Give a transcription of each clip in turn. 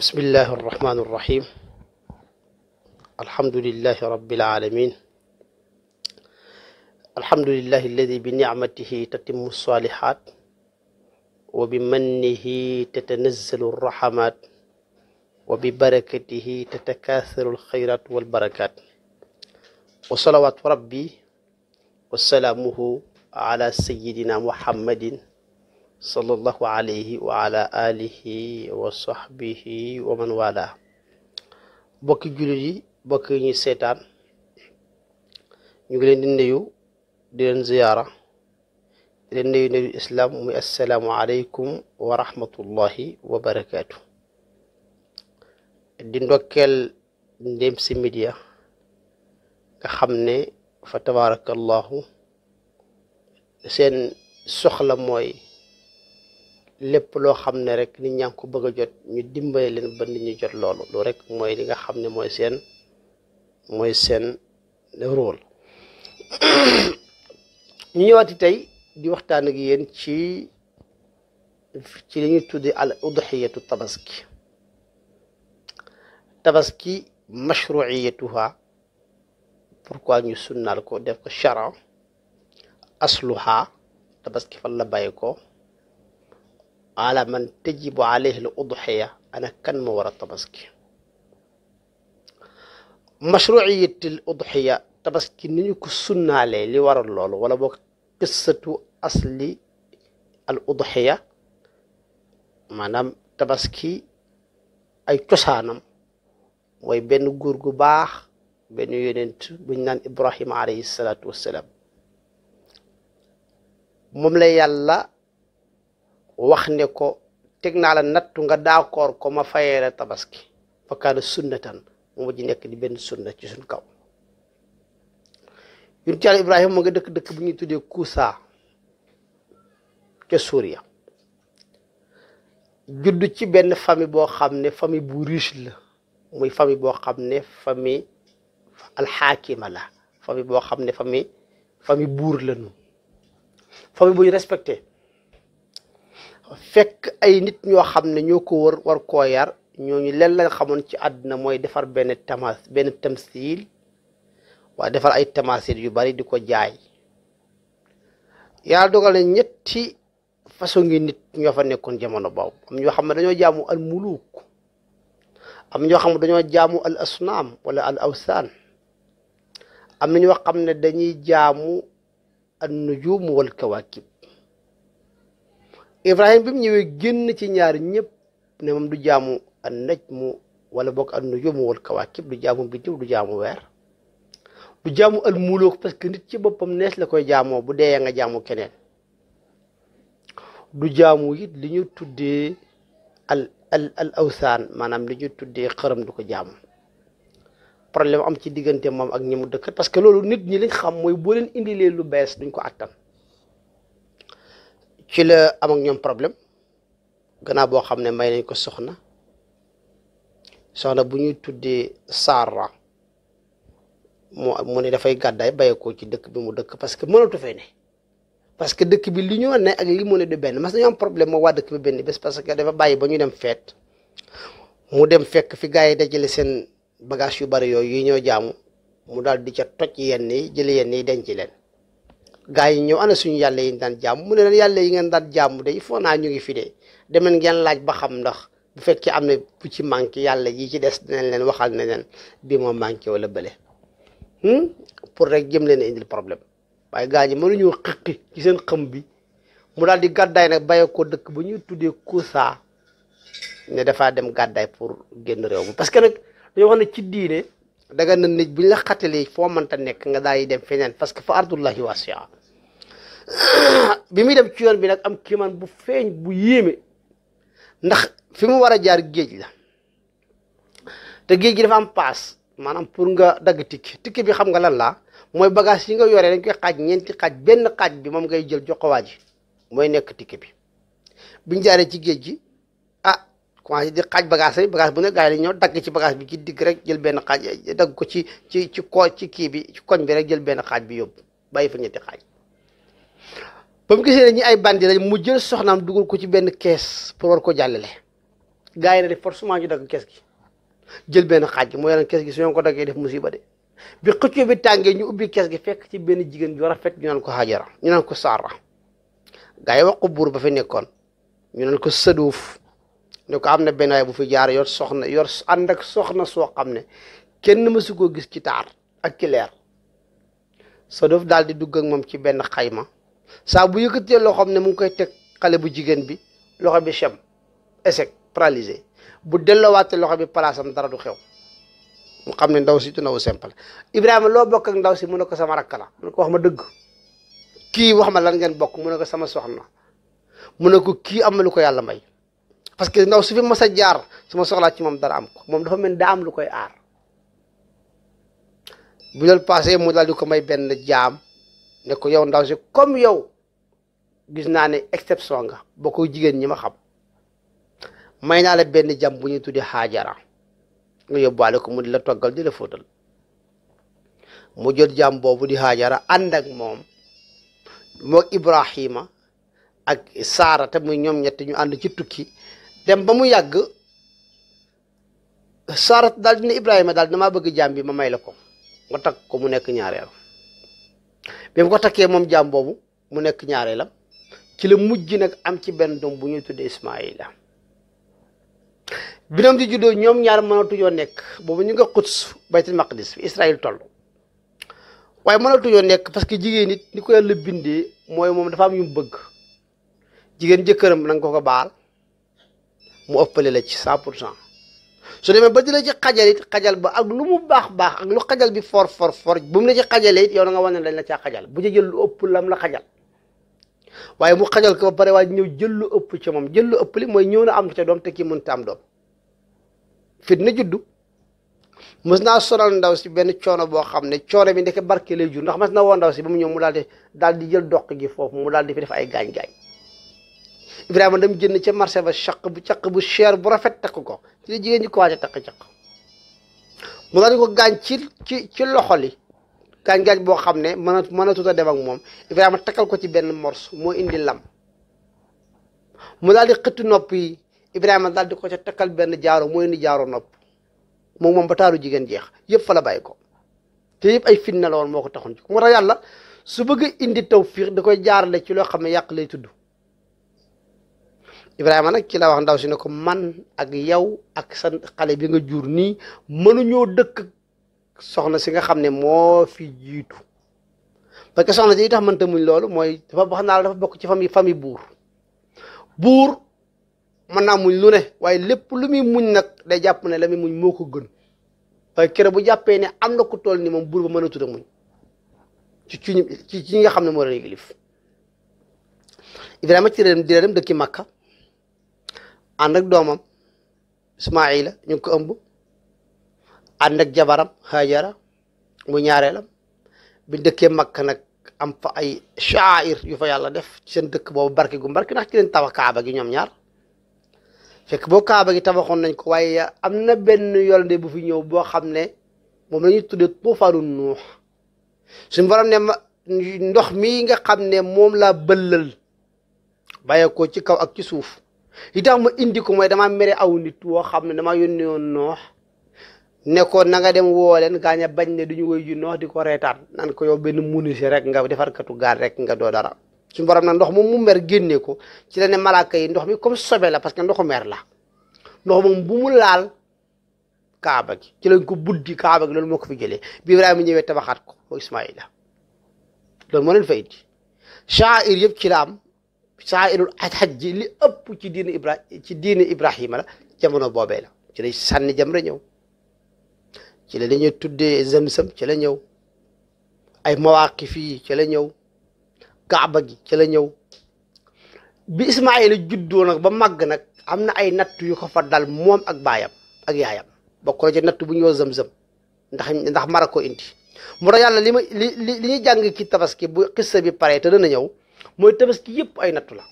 بسم الله الرحمن الرحيم الحمد لله رب العالمين الحمد لله الذي بنعمته تتم الصالحات وبمنه تتنزل الرحمات وببركته تتكاثر الخيرات والبركات وصلوات ربي وسلامه على سيدنا محمد صلى الله عليه وعلى آله وصحبه ومن والاه bokki jullit yi bokki ñuy seetaan ñu ngi leen di nuyu di leen ziyaara di leen nuyu nuyu islaam muy assalaamu aleykum wa rahmatullahi wa barakaatu di ndokkeel ndéem si media nga xam ne fa tabaarakallahu seen soxla mooy lépp loo xam ne rek nit ñaa ko bëgg a jot ñu dimbale leen ba nit ñu jot loolu loolu rek mooy li nga xam ne mooy seen mooy seen rôle ñu ñëwaati tey di waxtaan ak yéen ci ci lañuy ñu tudde al udhiyatu tabaski tabaski mashruiyatuha pourquoi ñu sunnaal ko def ko charan asluha tabaski fan la bàyyi ko على من تجب عليه الأضحية أنا كان مورا تبسكي مشروعية الأضحية تبسكي نيكو سنة عليه لورا اللولو ولا بو قصة أصلي الأضحية ما نام تبسكي أي تسانم وي بين غورغو باخ بين يونت بن نان إبراهيم عليه الصلاة والسلام مملي يالله wax ne ko teg naa la nattu nga d'accord ko ma fayee tabaski fa kaana sunnatan mu mujj nekk di benn sunna ci suñ kaw yunti yàlla ibrahima mu nga dëkk dëkk bu ñuy tuddee Kuusa ca Suuriya judd ci benn famille boo xam ne famille bu riche la muy famille boo xam ne famille alxaakima la famille boo xam ne fami famille buur la ñu famille bu ñu respecté fekk ay nit ñoo xam ne ñoo ko wër war koo yar ñooñu leen la xamoon ci àdduna mooy defar benn tamas benn tamsil waa defar ay tamasil yu bari di ko jaay yaa dogal na ñetti façon ngi nit ñoo fa nekkoon jamono boobu am ñoo xam ne dañoo jaamu al muluk am ñoo xam dañoo jaamu al asnaam wala al awsaan am na ñoo xam ne dañuy jaamu an nujum wal kawakib Ibrahima bi mu ñëwee génn ci ñaar ñëpp ne moom du jaamu an mu wala bokk an nujumu wal kawaakib du jaamu biddiw du jaamu weer du jaamu al muluk parce que nit ci boppam nees la koy jaamoo bu dee nga jaamu keneen du jaamu it li ñu tuddee al al al awsaan maanaam li ñu tuddee xërëm du ko jaamu problème am ci diggante moom ak ñi mu dëkk parce que loolu nit ñi liñ xam mooy boo leen indilee lu bees duñ ko attan. ci la am ak ñom problème gëna bo xamne ne may nañ ko soxna soxna bu ñuy tuddee saara mo mu ne fay gàddaay bàyyeekoo ci dëkk bi mu dëkk parce que mënatu fay ne parce que dëkk bi li ñu ne ak li mo ne de ben mas ñom problème mo wa dëkk bi ben bés parce que dafa ba ñu dem fête mu dem fekk fi gaay dajale sen bagage yu bari yoy yi ñoo jaamu mu dal di ca toj yenn yi jël yenn yi denc leen gaa yi ñëw ana suñu yàlla yi ñu daan jàmm mu ne leen yàlla yi ngeen daan jàmm de il naa ñu ngi fi de demen ngeen laaj ba xam ndax bu fekkee am na bu ci manqué yàlla yi ci des dinañ leen waxal ne leen bii moo manqué wala bële hmm? pour rek jëm leen indil problème waaye gaa ñi mënuñu xëqi ci seen xëm bi mu daal di gàddaay nag bàyyi ko dëkk bu ñuy tuddee Kuusaa ne defaa dem gàddaay pour génn réew mi parce que nag dañoo wax ne ci diine daga na nit bu ñu la xatalee foo mënta nekk nga daal di dem feneen parce que fa ardullahi wasia bi muy dem ci yoon bi nag am kiimaan bu feeñ bu yéeme ndax fi mu war a jaar géej la te géej gi dafa am paas maanaam pour nga dagg tikk tikki bi xam nga lan la mooy bagage yi nga yoree dañ koy xaaj ñeenti xaaj benn xaaj bi moom ngay jël jox waa ji mooy nekk tikki bi biñ jaaree ci géej gi ah commencé di xaaj bagage yi bagage bu ne gars ñoo dagg ci bagage bi gi digg rek jël benn xaaj dagg ko ci ci ci ko ci bi ci koñ bi rek jël benn xaaj bi yóbbu bay fa ñetti xaaj bam gisé ni ay bandi lañ mu jël soxnam duggal ko ci ben caisse pour war ko jallalé gaay na ne forcément ñu dag caisse gi jël ben xaaj mo yaran caisse gi su ñu ko dagé def musiba dé bi xëccoo bi tangé ñu ubbi caisse gi fekk ci ben jigen ju rafet ñu nan ko Hajara ñu nan ko sara gaay yi wax ba fi nekkon ñu nan ko Saduuf ñu ko amna ben ay bu fi jaar yor soxna yor andak soxna so xamné kenn ma su ko gis ci taar ak ci leer dal daal di dugg ak mom ci ben xayma saa bu yëkëté loxoom ne mu ngi koy tek xalé bu jigen bi loxo bi xam échec paralysé bu waté loxo bi am dara du xew mu xam ne ndaw si du ndaw simple Ibrahima lo bok ak ndaw si mu ne ko sama rakala mu ko wax ma dëgg ki wax ma lan ngeen bok mu ko sama soxna mu ko am lu ko yalla may parce que ndaw su fi mësa jaar su soxla ci mom dara am ko mom dafa mel da am lu koy aar bu dal passé mu dal ko may ben jam ne ko yow ndaw si comme yow gis naa ne exception nga ba jigéen ñi ma xam may naa la benn jam bu ñuy tuddee xaajara nga yóbbaale ko mu di la toggal di la fóotal mu jot jam boobu di xaajara ànd ak moom moo Ibrahima ak Saara te muy ñoom ñett ñu ànd ci tukki dem ba mu yàgg Saara daal dina Ibrahima daal damaa bëgg jam bi ma may la ko nga takk ko mu nekk ñaareel bi mu ko takkee moom jaam boobu mu nekk ñaareelam ci la mujj nag am ci benn doom bu ñuy tuddee Ismaayila bi doom di juddoo ñoom ñaar mënatuñoo nekk boobu ñu nga Quds baytul maqdis fi Israël toll waaye mënatuñoo nekk parce que jigéen nit ni ko yàlla bindee mooy moom dafa am yu mu bëgg jigéen jëkkëram na nga ko ko baal mu ëppale la ci 100 pour cent su demee ba di la ci xajal it xajal ba ak lu mu baax baax ak lu xajal bi foor for for bu mu la ci xajalee yow na nga wane ne dañ la caa xajal bu ci jël lu ëpp lam la xajal waaye mu xajal ko ba pare waa ñëw jël lu ëpp ci moom jël lu ëpp li mooy ñëw na am ca doom te kii mënta am doom fitna juddu mës naa sonal ndaw si benn coono boo xam ne coono bi ndeke barke lay jur ndax mas na woo ndaw si ba mu ñëw mu daal di di jël doq gi foofu mu daal di fi def ay gaañ-gaañ Ibrahima dem jénd ca marché ba caq bu caq bu cher bu rafet takk ko ci la jigéen ñi ko waaj a takk caq mu daal di ko gaañ ci ci ci loxo li gaañ gaañ boo xam ne mën a mënatut dem ak moom Ibrahima takkal ko ci benn morse moo indi lam mu daal di xëttu nopp yi Ibrahima daal di ko ca takkal benn jaaro moo indi jaaro nopp moom moom ba taaru jigéen jeex yëpp fa la bàyyi ko te yëpp ay fitna la woon moo ko taxoon ci moo tax yàlla su bëgg indi tawfiq da koy jaarale ci loo xam ne yàq lay tudd. Ibrahima nag ci la wax ndaw si ne ko man ak yow ak sa xale bi nga jur nii mënuñoo dëkk soxna si nga xam ne moo fi jiitu parce que soxna si tax mënta muñ loolu mooy dafa wax naa la dafa bokk ci famille famille buur buur mën naa muñ lu ne waaye lépp lu muy muñ nag day jàpp ne la muy muñ moo ko gën waaye kere bu jàppee ne am na ku toll ni moom buur ba mën a tudd muñ ci ci ci nga xam ne moo leen yëglif Ibrahima ci réeram di dëkki Makka ànd ak doomam Ismaila ñu ngi ko ëmb ànd ak jabaram Hajara mu ñaareelam bi dëkkee Makka nag am fa ay shaair yu fa yàlla def ci seen dëkk boobu barke gu barke ndax ci leen tabax gi ñoom ñaar fekk boo kaaba gi tabaxoon nañ ko waaye am na benn yolnde bu fi ñëw boo xam ne moom la ñuy tuddee tuufaanu nuux suñu borom ne ma ndox mii nga xam ne moom laa bëllal bàyyeekoo ci kaw ak ci suuf li tax ma indi ko mooy damaa mere aw nit woo xam ne damaa yónni woon noox nekkoon ko dem woo leen gaañ bañ ne duñu woy ju noox di ko reetaan nan ko yow benn munisi rek nga defarkatu gaal rek nga doo dara suñu borom na ndox mu mu mer génnee ko ci la ne malaaka yi ndox mi comme sobee la parce que ndoxu mer la ndox moom bu laal kaaba gi ci lañ ko buddi kaaba gi loolu moo ko fi jëlee bi Ibrahima ñëwee tabaxaat ko moo Ismaïla loolu moo leen fa indi shaa'ir yëpp ci la saa'irul hajj li ëpp ci diine ibra ci diine ibrahima la jamono boobee la ci la sànni jam ra ñëw ci la ñuy tuddee zam-zam ci la ñëw ay mawaqif yi ci la ñëw kaaba gi ci la ñëw bi ismaila juddoo nag ba màgg nag am na ay natt yu ko fa dal moom ak baayam ak yaayam bokk na ci natt bu ñëw zam-zam ndax ndax mara ko indi mu tax yàlla li ma li li ñuy jàng ki tabaski bu xissa bi pare te dana ñëw mooy tabaski yëpp ay nattu la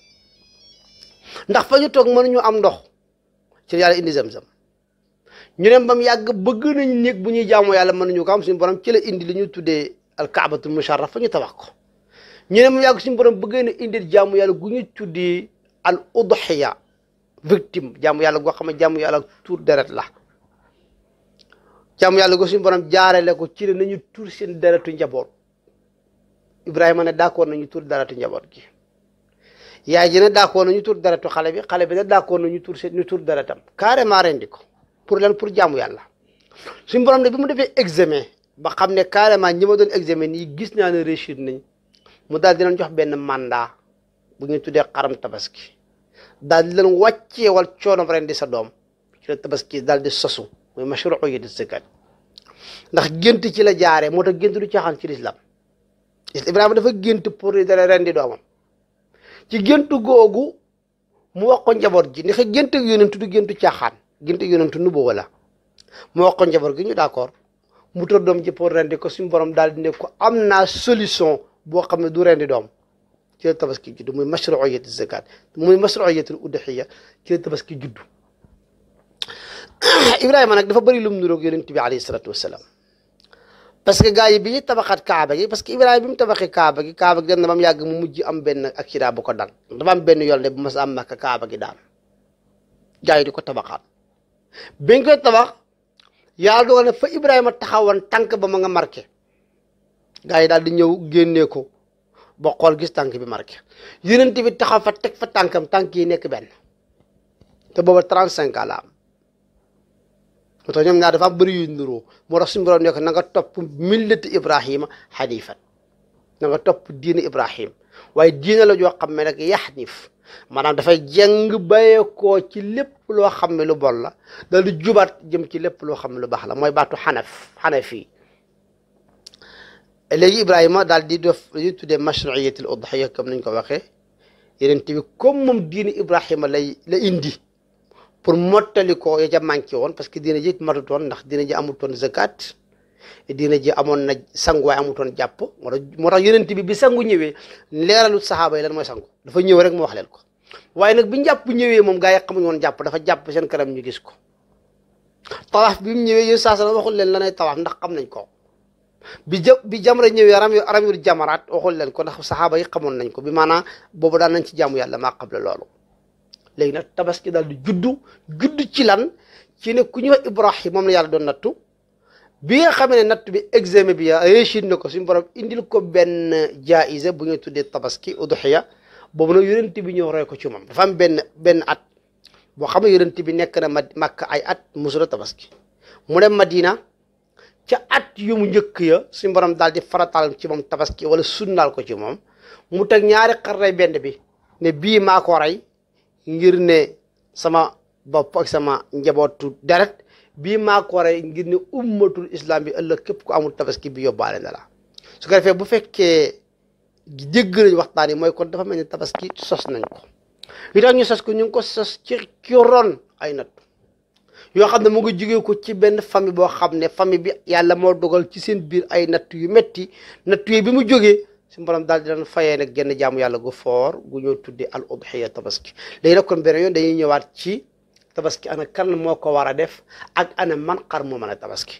ndax fa ñu toog mënuñu am ndox ci yàlla indi zam-zam ñu dem ba yàgg bëgg nañu néeg bu ñuy jaamoo yàlla mënuñu ko am suñu borom ci la indi li ñu tuddee alkaabatul musharraf fa ñu tabax ko ñu dem ba mu yàgg suñu borom bëggee na indil jaamu yàlla gu ñu tuddee al udhiya victime jaamu yàlla goo xam ne jaamu yàlla tuur deret la jaamu yàlla goo suñu borom jaarale ko ci la nañu tuur seen deretu njaboot. Ibrahima ne d'accord nañu tur daratu njaboot gi yaay ji ne d'accord nañu tur daratu xale bi xale bi ne d'accord nañu tur ñu tur daratam carrément rendi ko pour lan pour jaamu yàlla suñu borom ne bi mu defee examen ba xam ne carrément ñi ma doon examen yi gis naa ne réussir nañ mu daal dinañ jox benn manda bu ñu tuddee xaram tabaski daal di leen wàcceewal coonom ren di sa doom ci la tabaski daal di sosu mooy mashruu'iyyatu zakat ndax gént ci la jaaree moo tax gént du caaxaan ci lislam Ibrahima dafa gént pour dana rendi doomam ci gént googu mu wax ko njaboot ji ni xa gént ak du géntu caaxaan gént ak yonentu nu boobu la mu wax ko gi ñu d'accord mu tër doom ji pour rendi ko suñu borom daal di ne ko am na solution boo xam ne du rendi doom ci la tabaski juddu muy mashruiyat zakat muy mashruiyatul udhiya ci la tabaski juddu Ibrahima nag dafa bëri lum nuroog yonent bi alayhi salaatu wasalaam parce que gars yi bi ñu tabaxaat kaaba gi parce que Ibrahima bi mu tabaxee kaaba gi kaaba gi dem na ba mu yàgg mu mujj am benn accident bu ko dal dafa am benn yoon de bu mas am Makka kaaba gi daal di ko tabaxaat biñ koy tabax yàlla dogal na fa Ibrahima taxawoon tànk ba ma nga marqué gars yi daal di ñëw génnee ko ba xool gis tànk bi marqué yonent bi taxaw fa teg fa tànkam tànk yi nekk benn te booba 35 ans moo tax ñoom ñaar dafa am bëri yu nuroo moo tax suñu borom ne ko na nga topp millati ibrahima xanifan na topp diin ibrahim waaye diina la joo xam ne nag yaxnif maanaam dafay jeng bàyyeekoo ci lépp loo xam ne lu bon la daal jubaat jëm ci lépp loo xam ne lu baax la mooy baatu xanaf xanaf yi léegi ibrahima daal di def li tuddee mashruiyatil udhiya comme nañ ko waxee yeneen tamit comme moom ibrahima la indi pour mottali ko ya ca manqué woon parce que diina ji matutoon ndax diina ji amutoon zakat diina ji amoon na sangu waaye amutoon jàpp moo tax moo tax bi bi sangu ñëwee leeralu saxaaba yi lan mooy sangu ñëw rek mu wax leen ko waaye nag bi njàpp ñëwee moom gaa yi xamuñ woon jàpp dafa jàpp seen kanam ñu gis ko tawaaf bi mu ñëwee yéen saa sana waxul leen lanay tawaaf ndax xam nañ ko bi ja bi jamra ñëwee ram ramyul jamaraat waxul leen ko ndax saxaaba yi xamoon nañ ko bi maanaam boobu daan nañ ci jaamu yàlla maa qabla loolu léegi nag tabaski daal di juddu juddu ci lan ci ne ku ñuy wax Ibrahim moom la yàlla doon nattu bi nga xam ne bi examen bi ah, réussir na ko suñu borom indil ko benn jaayise bu ñuy tuddee tabaski uduxiya boobu nag yonent bi ñëw roy ko ci moom dafa am benn benn at boo xam ne yonent bi nekk na ma màkk ay at musula tabaski mu dem Madina ca at yu mu njëkk ya suñu borom daal di farataal ci moom tabaski wala sunnaal ko ci moom mu teg ñaari xar rey benn bi ne bi maako ko rey ngir ne sama bopp ak sama njabootu daret bii maa ko waree ngir ne ummatul islam bi ëllëg képp ku amul tabaski bi yóbbaale na la su ko bu fekkee dégg nañ waxtaan yi mooy kon dafa mel ni tabaski sos nañ ko li tax ñu sos ko ñu ngi ko sos ci ci ron ay natt yoo xam ne mu ngi jógee ko ci benn famille boo xam ne famille bi yàlla moo dogal ci seen biir ay natt yu metti natt yooyu bi mu jógee suñu borom daal di leen fayee nag genn jaamu yàlla gu foor gu ñoo tuddee al udhiya tabaski léegi nag kon beneen yoon dañuy ñëwaat ci tabaski ana kan moo ko war a def ak ana man xar moo mën a tabaski